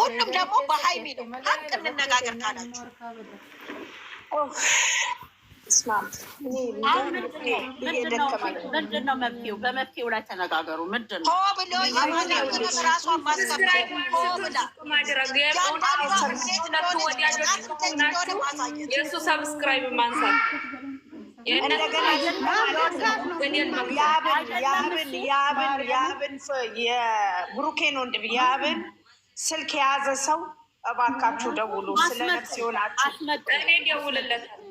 ሁሉም ደግሞ በሀይሚ ነው። ሀቅ እንነጋገር ካላችሁ ምንድን ነው መፍትሄው? በመፍትሄው ላይ ተነጋገሩ። ምንድን ነው ብሎ የእሱ ሰብስክራይብ ማንሳት የብሩኬን ወንድም ያብን ስልክ የያዘ ሰው እባካችሁ ደውሉ። ስለ ነፍስ ይሆናችሁ። እኔ ደውልለታል።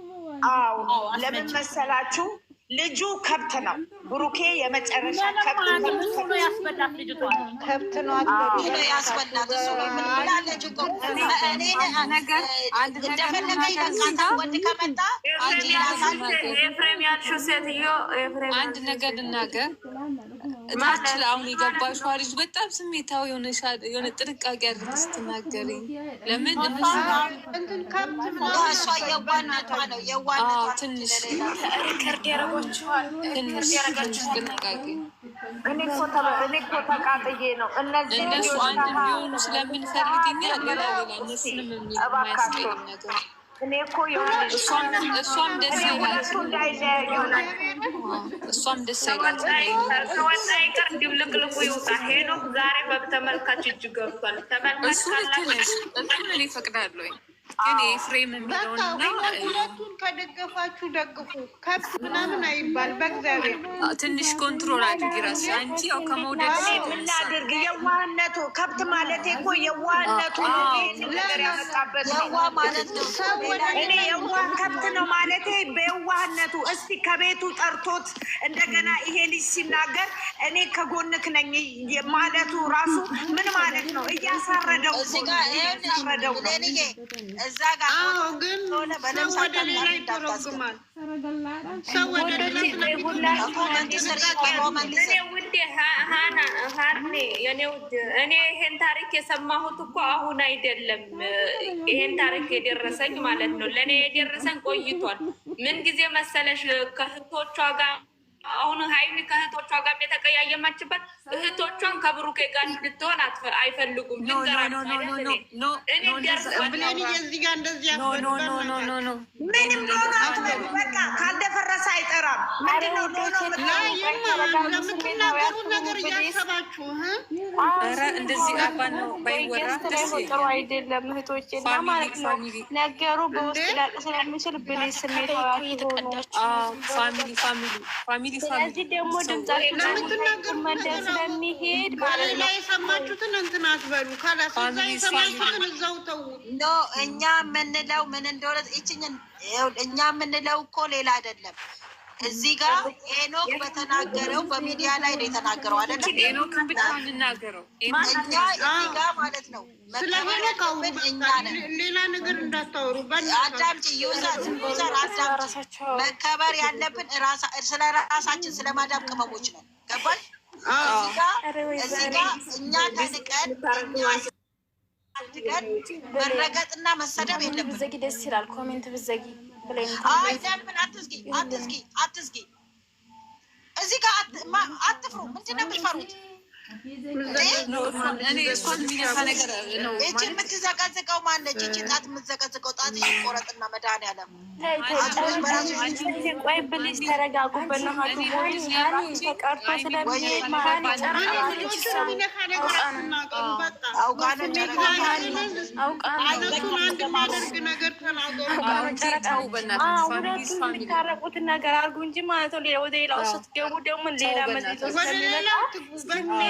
አዎ ለምን መሰላችሁ? ልጁ ከብት ነው። ብሩኬ የመጨረሻ ከብት ከብት ነው። አንድ ነገር ልናገር እታች ለአሁኑ የገባሽ ልጅ በጣም ስሜታዊ የሆነ ጥንቃቄ አድርግ ስትናገሪ። ለምን ትንሽ ትንሽ አንድ ቢሆኑ ስለምንፈልግ ሌላ ሌላ እነሱንም የሚያስቀይም ነገር እኔ እኮ እሷም ደስ ይላል፣ እሷም ደስ ይላል። ከወጣ ይቀር ድብልቅልቁ ይውጣ። ሄኖክ ዛሬ በተመልካች እጅ ገብቷል። ተመልካች ካላችሁ እሱን እኔ እፈቅዳለሁ። ግን ፍሬም ሁለቱን ከደገፋችሁ ደግፉ፣ ከፍ ምናምን አይባል። በእግዚአብሔር ትንሽ ኮንትሮል አድርጊ ራስ አንቺ ያው ከመውደድ ምናድርግ የዋህነቱ ከብት ማለት እኮ የዋህነቱ ነገር ያመጣበት እኔ የዋህ ከብት ነው ማለት በየዋህነቱ እስቲ ከቤቱ ጠርቶት እንደገና ይሄ ልጅ ሲናገር እኔ ከጎንክ ነኝ ማለቱ ራሱ ምን ማለት ነው? እያሳረደው እያሳረደው ነው እዛ ጋር እኔ ይሄን ታሪክ የሰማሁት እኮ አሁን አይደለም። ይሄን ታሪክ የደረሰኝ ማለት ነው ለእኔ የደረሰኝ ቆይቷል። ምን ጊዜ መሰለሽ ከህቶቿ ጋር አሁን ሀይሚ ከእህቶቿ ጋር የተቀያየማችበት እህቶቿን ከብሩኬ ጋር እንድትሆን አይፈልጉም። ካልደፈረሰ አይጠራም። ነገሩ በውስጥ ላቅ ስለሚችል ብሌ ስሜት ፋሚሊ ፋሚሊ ፋሚሊ ፋሚሊ እዚህ ደግሞ ድምጻችሁ ስለሚሄድ ማለት ነው። የሰማችሁትን እንትን አትበሉ። የሰማችሁትን እዛው ተው። እኛ የምንለው ምን እንደሆነ እኛ የምንለው እኮ ሌላ አይደለም። እዚህ ጋር ሄኖክ በተናገረው በሚዲያ ላይ ነው የተናገረው፣ አይደለም ሄኖክን ብቻ እንናገረው እኛ እዚህ ጋር ማለት ነው። ስለሆነቃውምን ነገር እንዳታወሩ። አዳምጪ፣ ዩዘር መከበር ያለብን ስለ ራሳችን ስለ ማዳም ቅመሞች ነው። ገባል? እዚህ ጋር እኛ ተንቀን እኛ አድገን መረገጥና መሰደብ የለብን። ደስ ይላል። ኮሜንት ብዘጊ እግዚአብሔርን አትዝጊ አትዝጊ አትዝጊ። እዚህ ጋር አትፍሩ። ምንድን ነው የምትፈሩት? ይህች የምትዘቀዝቀው ማነች? ይህች ጣት የምትዘቀዝቀው ጣት ቆረጥና መድኃኒዓለም ቆይ ብልሽ ተረጋጉ። ተቀርቶ ሁለቱም የሚታረቁትን ነገር አድርጉ እንጂ ማለት ነው። ወደ ሌላው ስትገቡ ደግሞ ሌላ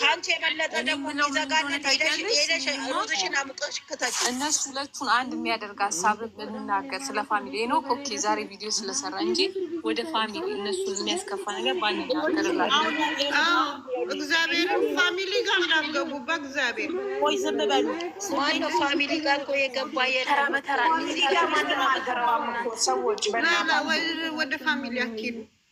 ከአንቺ የበለጠ ደግሞ የሚዘጋነት ሄደሽ ሩዝሽን ክተች። እነሱ ሁለቱን አንድ የሚያደርግ ሀሳብ ብንናገር ስለ ፋሚሊ ነው። ኦኬ ዛሬ ቪዲዮ ስለሰራ እንጂ ወደ ፋሚሊ እነሱ የሚያስከፋ ነገር ባንናገርላቸው። እግዚአብሔር ፋሚሊ ጋር እንዳትገቡ በእግዚአብሔር ወይ ዝም በሉ። ማነው ፋሚሊ ጋር እኮ የገባ ተራ በተራ ጋር ሰዎች ወደ ፋሚሊ አኪሉ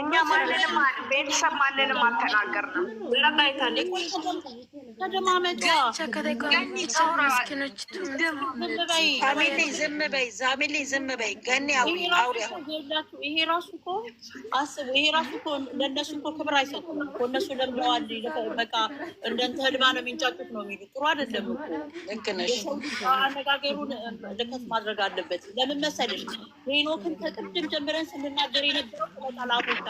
እኛ ማንንም ቤተሰብ ማንንም አልተናገርንም። ዝም በይ ዛሜሌ፣ ዝም በይ ገኒ። ይሄ ራሱ እኮ አስቡ። ይሄ ራሱ እኮ ለእነሱ እኮ ክብር አይሰጡም እኮ እነሱ ለምደዋል። በቃ እንደ እንትን ነው የሚንጫጩት ነው የሚሉት። ጥሩ አይደለም እኮ አነጋገሩን ልከት ማድረግ አለበት። ለምን መሰለሽ ሄኖክን ከቅድም ጀምረን ስንናገር የነበረው ስለጠላቶች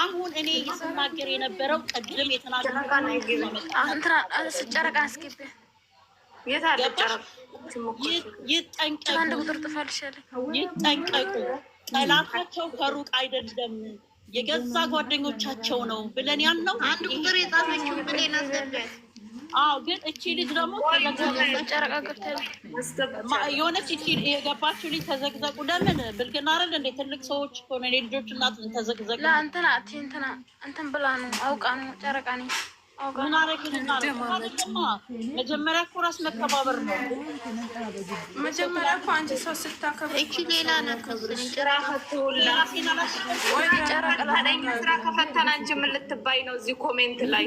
አሁን እኔ ስናገር የነበረው ቅድም የተናገሩጨረቃ አስገቢ ይጠንቀቁ። ጠላታቸው ከሩቅ አይደለም የገዛ ጓደኞቻቸው ነው ብለን ያልነው አንድ ቁጥር የጻፈችው ብሌን አስገቢያት አዎ ግን እቺ ልጅ ደግሞ የሆነች እቺ የገባችው ልጅ ተዘግዘቁ። ለምን ብልግና አይደል እንዴ? ትልቅ ሰዎች ሆነ ልጆች እናት ተዘግዘቁ። እንትና እንትን ብላ ነው አውቃ ነው ጨረቃ ነኝ ምን መጀመሪያ እኮ ራስ መከባበር ነው። መጀመሪያ እኮ አንቺ ሰው ስታከብር ስራ ከፈተን አንቺ ምን ልትባይ ነው? እዚህ ኮሜንት ላይ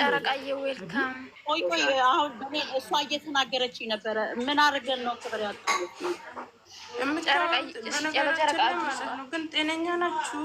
ጨረቃዬ፣ ዌልካም። ቆይ ቆይ፣ አሁን እሷ እየተናገረች ነበረ። ምን አድርገን ነው ክብር ያጣሁት? ግን ጤነኛ ናችሁ?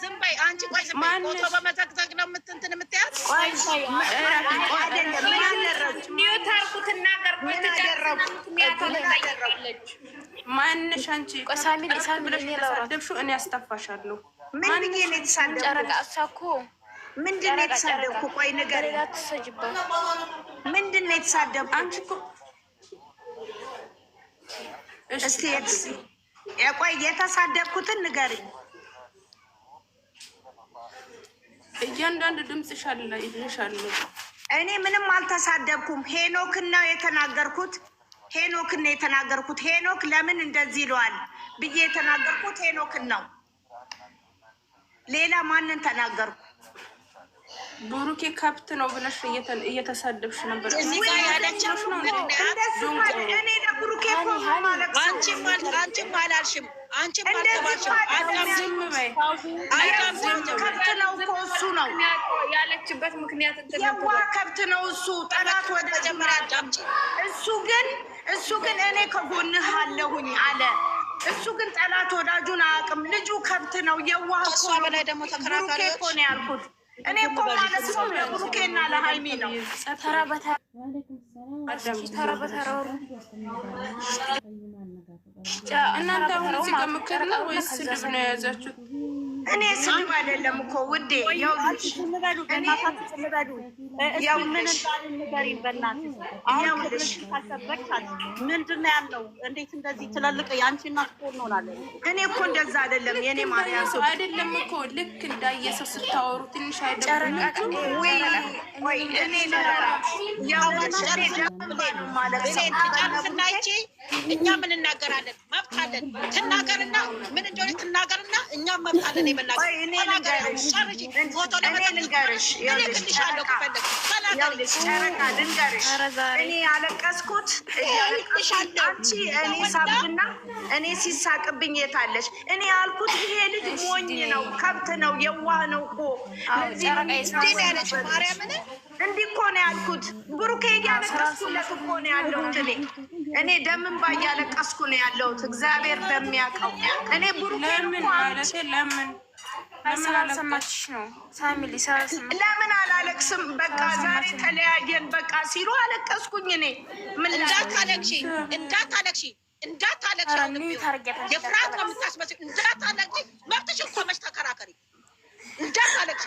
ዝም በይ አንቺ። ቆይ ዝም በይ ፎቶ በመዘግዘግ ነው የምትንትን የምትያዝ። ቆይ ማንሽ አንቺ ሳሚሳደብሹ እኔ ያስጠፋሻለሁ። ጨረቃ እሷ እኮ ምንድን ነው የተሳደብኩ? ቆይ ንገሪኝ። ምንድን ነው የተሳደብኩ? አንቺ እኮ እስኪ ቆይ የተሳደብኩትን ንገሪኝ እያንዳንድ ድምፅሽ አለ ይልሽ እኔ ምንም አልተሳደብኩም። ሄኖክን ነው የተናገርኩት። ሄኖክን ነው የተናገርኩት። ሄኖክ ለምን እንደዚህ ይለዋል ብዬ የተናገርኩት ሄኖክን ነው። ሌላ ማንን ተናገርኩ? ብሩኬ ከብት ነው ብለሽ እየተሳደብሽ ነበር። እኔ ብሩኬ አንቺም አላልሽም አንቺ ከብት ነው እኮ እሱ ነው ያለችበት ምክንያት የዋ ከብት ነው እሱ ጠላት ወደ መጀመሪያ እሱ ግን እሱ ግን እኔ ከጎንህ አለሁኝ አለ። እሱ ግን ጠላት ወዳጁን አያውቅም። ልጁ ከብት ነው የዋህ እኮ በላይ ደግሞ ተከራካሪ እኮ ነው ያልኩት። እኔ እኮ ማለት ነው ለብሩኬና ለሀይሚ ነው ተራ በተራ እናንተ አሁን እዚህ ጋር ምክር ነው ወይስ ስድብ ነው የያዛችሁት? እኔ ስድብ አይደለም እኮ ውዴ፣ ምንድነው ያለው? እንዴት እንደዚህ ትላልቅ የአንቺ እናት እኮ እንሆናለን። እኔ እኮ እንደዛ አይደለም የኔ ማርያም አይደለም እኮ ልክ እንዳየሰው ስታወሩ ትንሽ አይደለም ጨርስና ይቺ እኛ ምን እናገራለን? መብት አለን። ትናገርና ምን እንደሆነ ትናገርና እኛም መብት አለን እኔ ያለቀስኩት አንቺ እኔ ሳብና እኔ ሲሳቅብኝ የታለሽ እኔ ያልኩት ይሄ ልጅ ሞኝ ነው፣ ከብት ነው፣ የዋህ ነው እኮ ማርያምን እንዲህ እኮ ነው ያልኩት። ብሩኬ እያለቀስኩለት እኮ ነው ያለሁት። እኔ እኔ ደምን ባ እያለቀስኩ ነው ያለሁት። እግዚአብሔር በሚያውቀው እኔ ብሩኬ ለምን ለምን አላለቅስም? በቃ ዛሬ ተለያየን በቃ ሲሉ አለቀስኩኝ። እኔ እንዳታለቅሺ እንዳታለቅሺ እንዳታለቅሺ የፍርሃት ነው የምታስመስል። እንዳታለቅሺ መብትሽ እኮ መች ተከራከሪ። እንዳታለቅሺ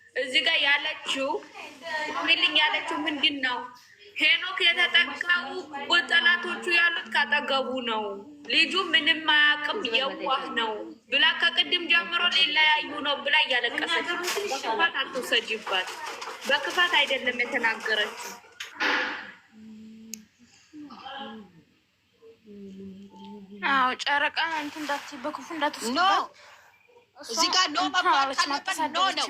እዚህ ጋር ያለችው ሚልኝ ያለችው ምንድን ነው? ሄኖክ የተጠጋው እኮ ጠላቶቹ ያሉት ካጠገቡ ነው፣ ልጁ ምንም አያውቅም የዋህ ነው ብላ ከቅድም ጀምሮ ሊለያዩ ነው ብላ እያለቀሰች፣ በክፋት አትውሰጂባት። በክፋት አይደለም የተናገረችው። አዎ ጨረቃ እንትን እንዳት በክፉ እንዳትወስድ እዚህ ጋር ኖ መባል ካለበት ኖ ነው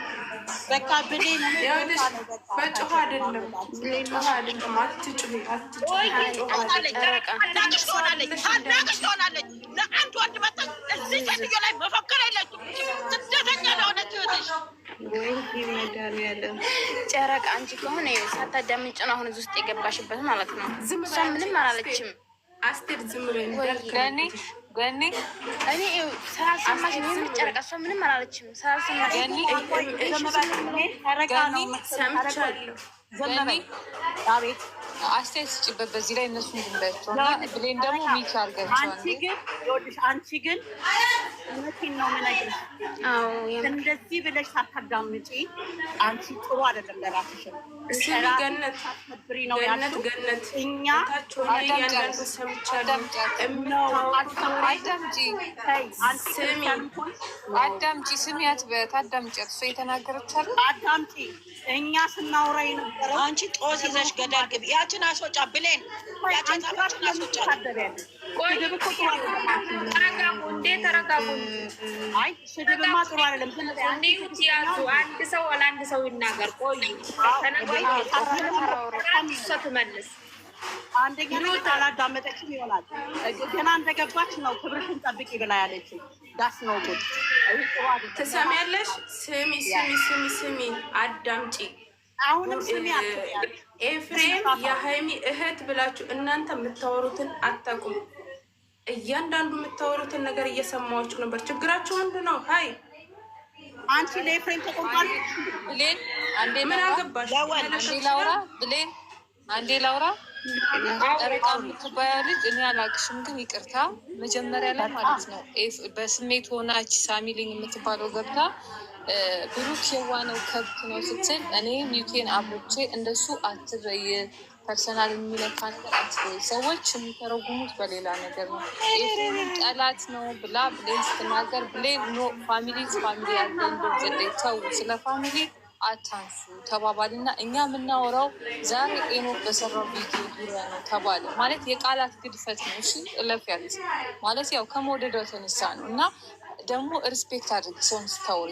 በቃ ብሌ በጮህ አይደለም ለአንድ ወንድ መጠን እዚህ ሴትዮ ላይ መፈክር የለችም። ስደተኛ ለሆነች ህይወትሽ ጨረቃ አንቺ ከሆነ ሳታዳምጪ ነው አሁን እዚህ ውስጥ የገባሽበት ማለት ነው። እሷ ምንም አላለችም። አስቴር ዝም ገኒ ምንም አላለችም። አቤት አስተያየት ስጭበት በዚህ ላይ እነሱ እንድንበያቸው እና ብሌን ደግሞ ግን ወድሽ አንቺ ግን እውነቴን ነው የምነግርሽ፣ እንደዚህ ብለሽ ሳታዳምጪ አንቺ ጥሩ አይደለም ለራስሽ ገነት ነው ያልኩት። ገነት እኛ አዳምጪ፣ ስሚያት በት አዳምጪያት፣ እሱ የተናገረች አዳምጪ። እኛ አንቺ ጦስ ይዘሽ ገደል ግቢ። ያችን አስወጫ ብሌን ያችን ታባችን አስወጫ። አይ ስድብማ ጥሩ አይደለም። አንድ ሰው ለአንድ ሰው ይናገር። ቆይ ትመልስ። አንደኛ አላዳመጠችም ይሆናል። ገና እንደገባች ነው ክብርሽን ጠብቂ ብላ ያለችው ዳስ ነው። ትሰሚያለሽ? ስሚ ስሚ ስሚ ስሚ፣ አዳምጪ አሁንም ኤፍሬም የሀይሚ እህት ብላችሁ እናንተ የምታወሩትን አታውቁም። እያንዳንዱ የምታወሩትን ነገር እየሰማዎች ነበር። ችግራችሁ ምንድን ነው? ሀይ አንቺ ለኤፍሬም ተቆማል። ምን አገባሽ? አንዴ ላውራ ጠረቃ የምትባያ ልጅ እኔ አላቅሽም፣ ግን ይቅርታ መጀመሪያ ላይ ማለት ነው በስሜት ሆናች ሳሚልኝ የምትባለው ገብታ ብሩክ የዋ ነው ከብት ነው ስትል እኔ ሚውቴን አብሮቼ እንደሱ አትበይ፣ ፐርሰናል የሚለካ ነገር አትበይ፣ ሰዎች የሚተረጉሙት በሌላ ነገር ነው፣ ኤፍሬም ጠላት ነው ብላ ብሌን ስትናገር፣ ብሌን ኖ ፋሚሊ ፋሚሊ ያለ ተው፣ ስለ ፋሚሊ አታንሱ ተባባልና እኛ የምናወራው ዛሬ ኤኖ በሰራው ቪዲዮ ዙሪያ ነው ተባለ ማለት የቃላት ግድፈት ነው። እሺ እለፍ ያለ ማለት ያው ከመወደዳው ተነሳ ነው እና ደግሞ ሪስፔክት አድርግ ሰውን ስታወሪ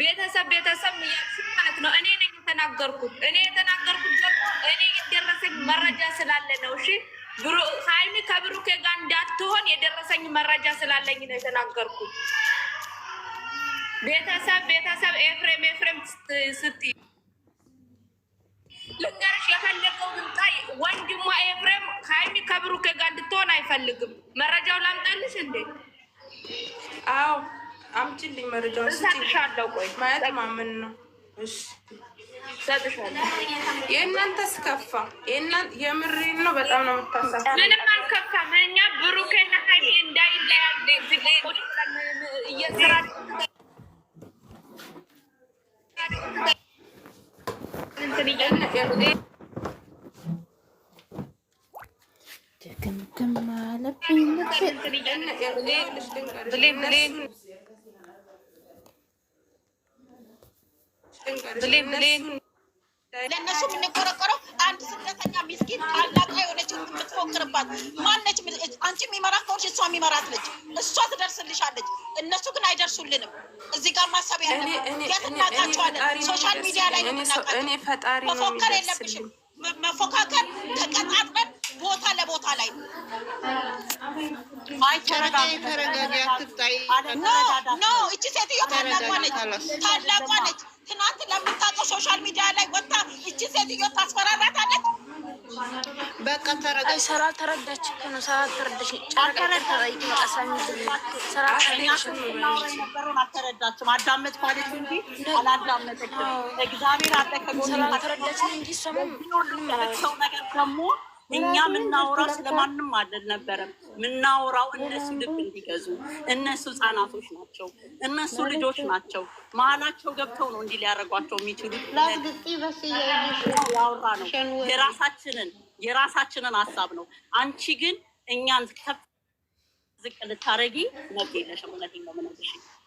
ቤተሰብ ቤተሰብ ያልሽ ማለት ነው። እኔ ነኝ የተናገርኩት። እኔ የተናገርኩት እኔ የደረሰኝ መረጃ ስላለ ነው። እሺ ሀይሚ ከብሩኬ ጋር እንዳትሆን የደረሰኝ መረጃ ስላለኝ ነው የተናገርኩት። ቤተሰብ ቤተሰብ ኤፍሬም ኤፍሬም ስት ልንገርሽ የፈለገው ብምጣ ወንድሟ ኤፍሬም ሀይሚ ከብሩኬ ጋር እንድትሆን አይፈልግም። መረጃው ላምጣልሽ እንዴ? አዎ አምጪልኝ መረጃውን እሰጥሻለሁ። ቆይ ማየት ማመን ነው። እሺ እሰጥሻለሁ። የእናንተ ስከፋ የምሬን ነው። በጣም ነው የምታሳፍ። ምንም አልከፋም። እኛ ብሩኬና ሀይሜ እንዳይለያል እየስራ ድግምግም አለብኝ ልብ ለእነሱ የምንቆረቆረው አንድ ስደተኛ ሚስኪን ታላቅ የሆነችው የምትፎክርባት ማነች? አንቺ የሚመራ ከሆንሽ እሷ የሚመራት ነች። እሷ ትደርስልሻለች። እነሱ ግን አይደርሱልንም። እዚህ ጋር ማሰብ ያለብን የት እናውቃቸዋለን? ሶሻል ሚዲያ ላይ እናውቃቸው። መፎከር የለብሽም። መፎካከር ተቀጣጥበን ቦታ ለቦታ ላይ አይ እቺ ሴትዮ ታላቋ ነች፣ ታላቋ ነች። ትናንት ለምታውቀው ሶሻል ሚዲያ ላይ ወጣ። እቺ ሴትዮ ታስፈራራታለች። በቃ ተረጋይ ሰራ ተረዳች ነው። ሰራ ተረዳች ጫርከረ ሰራ አልተረዳችም። አዳመጥ ማለት እንጂ አላዳመጠችም። እግዚአብሔር አለ ከጎን ተረዳች እንጂ ሰሙ ሰው ነገር ደግሞ እኛ ምናወራው ስለማንም አልነበረም። ምናውራው እነሱ ልብ እንዲገዙ እነሱ ህጻናቶች ናቸው፣ እነሱ ልጆች ናቸው። መሀላቸው ገብተው ነው እንዲህ ሊያደርጓቸው የሚችሉት። ያወራ ነው የራሳችንን የራሳችንን ሀሳብ ነው። አንቺ ግን እኛን ከፍ ዝቅ ልታረጊ መብት የለሽም። እውነቴን ነው የምነግርሽ።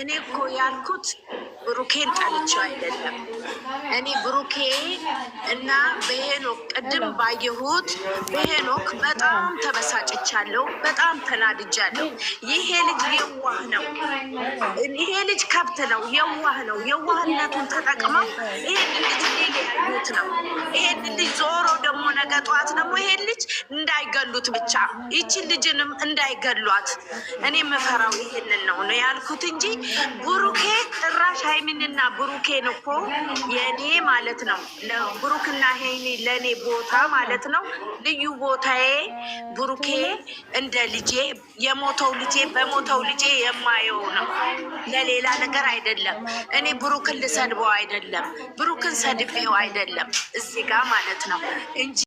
እኔ እኮ ያልኩት ብሩኬን ጠልቼው አይደለም። እኔ ብሩኬ እና በሄኖክ ቅድም ባየሁት በሄኖክ በጣም ተበሳጭቻለሁ፣ በጣም ተናድጃለሁ። ይሄ ልጅ የዋህ ነው፣ ይሄ ልጅ ከብት ነው፣ የዋህ ነው። የዋህነቱን ተጠቅመው ይሄን ልጅ ሊያዩት ነው። ይሄን ልጅ ዞሮ ደግሞ ነገ ጠዋት ደግሞ ይሄን ልጅ እንዳይገሉት ብቻ ይችን ልጅንም እንዳይገሏት እኔ የምፈራው ይሄንን ነው ነው ያልኩት እንጂ ብሩኬ ጥራሽ ሀይሚንና ብሩኬን እኮ የኔ ማለት ነው ብሩክና ሄኒ ለእኔ ቦታ ማለት ነው ልዩ ቦታዬ ብሩኬ እንደ ልጄ የሞተው ልጄ በሞተው ልጄ የማየው ነው። ለሌላ ነገር አይደለም። እኔ ብሩክን ልሰድበው አይደለም፣ ብሩክን ሰድቤው አይደለም እዚህ ጋር ማለት ነው እንጂ